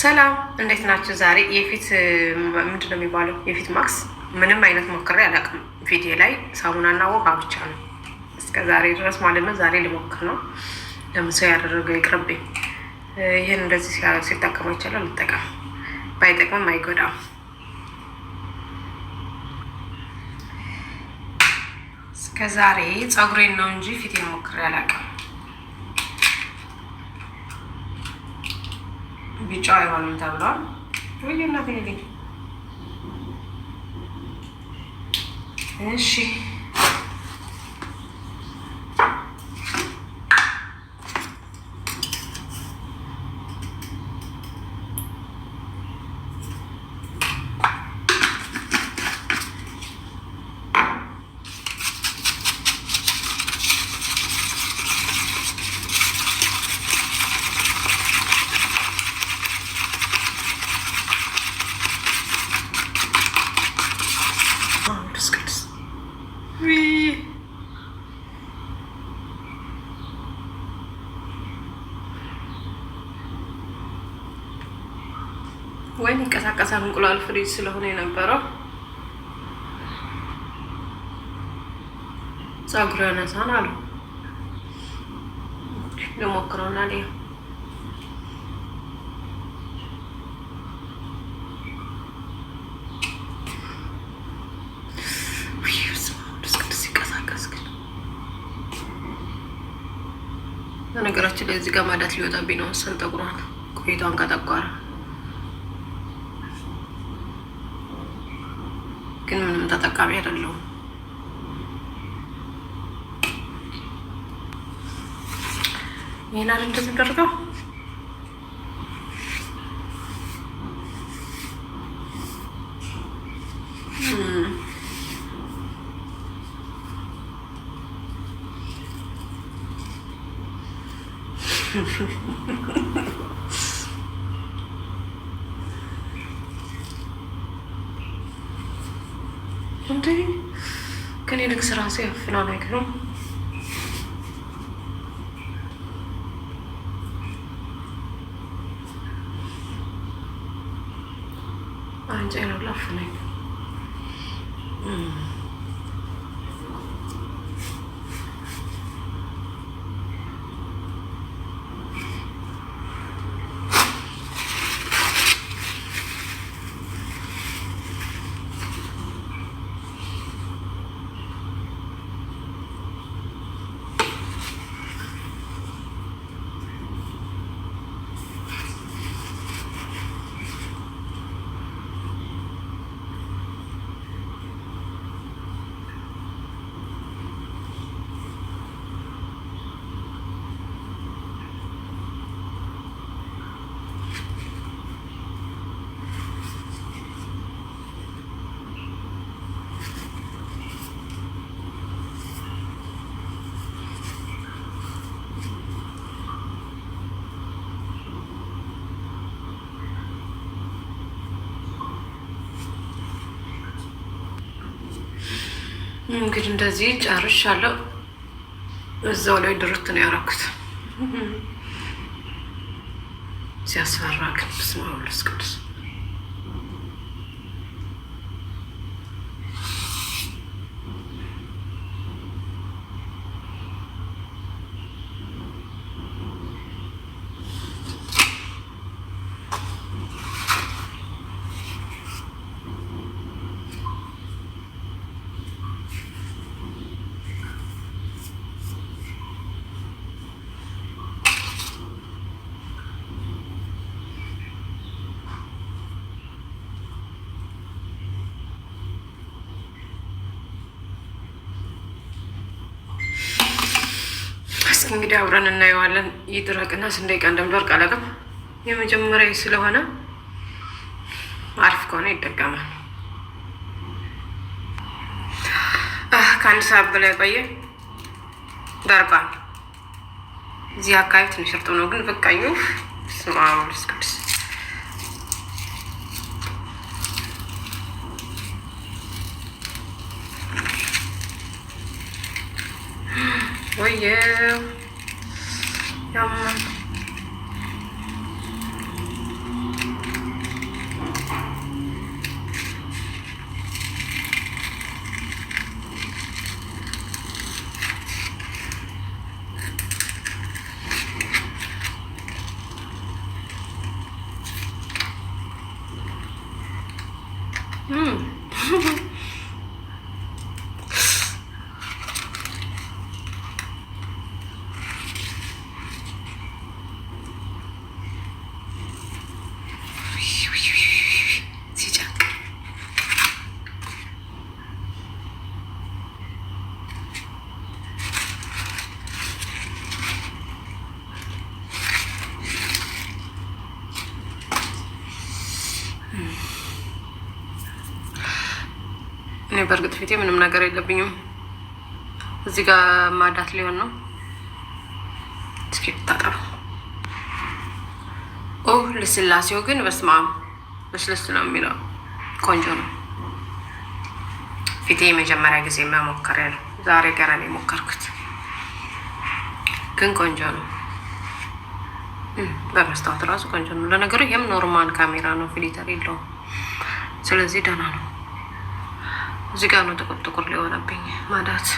ሰላም እንዴት ናቸው? ዛሬ የፊት ምንድን ነው የሚባለው? የፊት ማክስ ምንም አይነት ሞክሬ አላውቅም። ፊቴ ላይ ሳሙናና ውሃ ብቻ ነው እስከ ዛሬ ድረስ ማለት ነው። ዛሬ ልሞክር ነው። ለምን ሰው ያደረገው ይቅርብኝ። ይህን እንደዚህ ሲጠቀሙ ይቻላል። ልጠቀም ባይጠቅምም አይጎዳም። እስከ ዛሬ ፀጉሬን ነው እንጂ ፊቴን ሞክሬ አላውቅም። ቢጫ አይሆንም ተብሏል። ውይናት እሺ ወይን ይንቀሳቀሳል። እንቁላል ፍሪጅ ስለሆነ የነበረው ጸጉር ያነሳን አሉ ልሞክረውና ሊያ በነገራችን ላይ እዚህ ጋር ማዳት ሊወጣብኝ ነው መሰል ጠቁሯን ቆይቷን ከጠቋረ ግን ምንም ተጠቃሚ አይደለሁም። ይህን አይደል እንደዚህ እንዴ ከኔ ልክ ስራ ሰው ያፍና ነገሩ አንጨ ነው ላፍነኝ እንግዲህ እንደዚህ ጨርሻለሁ። እዛው ላይ ድርት ነው ያደረኩት። ሲያስፈራ ግን ስማሉስ ቅዱስ እስኪ እንግዲህ አብረን እናየዋለን። ይድረቅና ስንት ደቂቃ እንደሚደርቅ አላውቅም። የመጀመሪያ ስለሆነ አሪፍ ከሆነ ይጠቀማል። ከአንድ ሰዓት በላይ ቆየ፣ ደርቋል። እዚህ አካባቢ ትንሽ እርጥብ ነው ግን በቃኙ ስማ ስቅዱስ for you. Yum. Mmm. እኔ በእርግጥ ፊቴ ምንም ነገር የለብኝም። እዚህ ጋር ማዳት ሊሆን ነው። እስኪ ታጠብ። ኦ ልስላሴው ግን በስመ አብ ልስልስ ነው የሚለው ቆንጆ ነው። ፊቴ የመጀመሪያ ጊዜ መሞከሪያ ያለ ዛሬ ገና ነው የሞከርኩት፣ ግን ቆንጆ ነው። በመስታወት ራሱ ቆንጆ ነው። ለነገሩ ይህም ኖርማል ካሜራ ነው፣ ፊሊተር የለውም። ስለዚህ ደህና ነው። እዚህ ጋር ነው ጥቁር ጥቁር ሊሆነብኝ ማዳት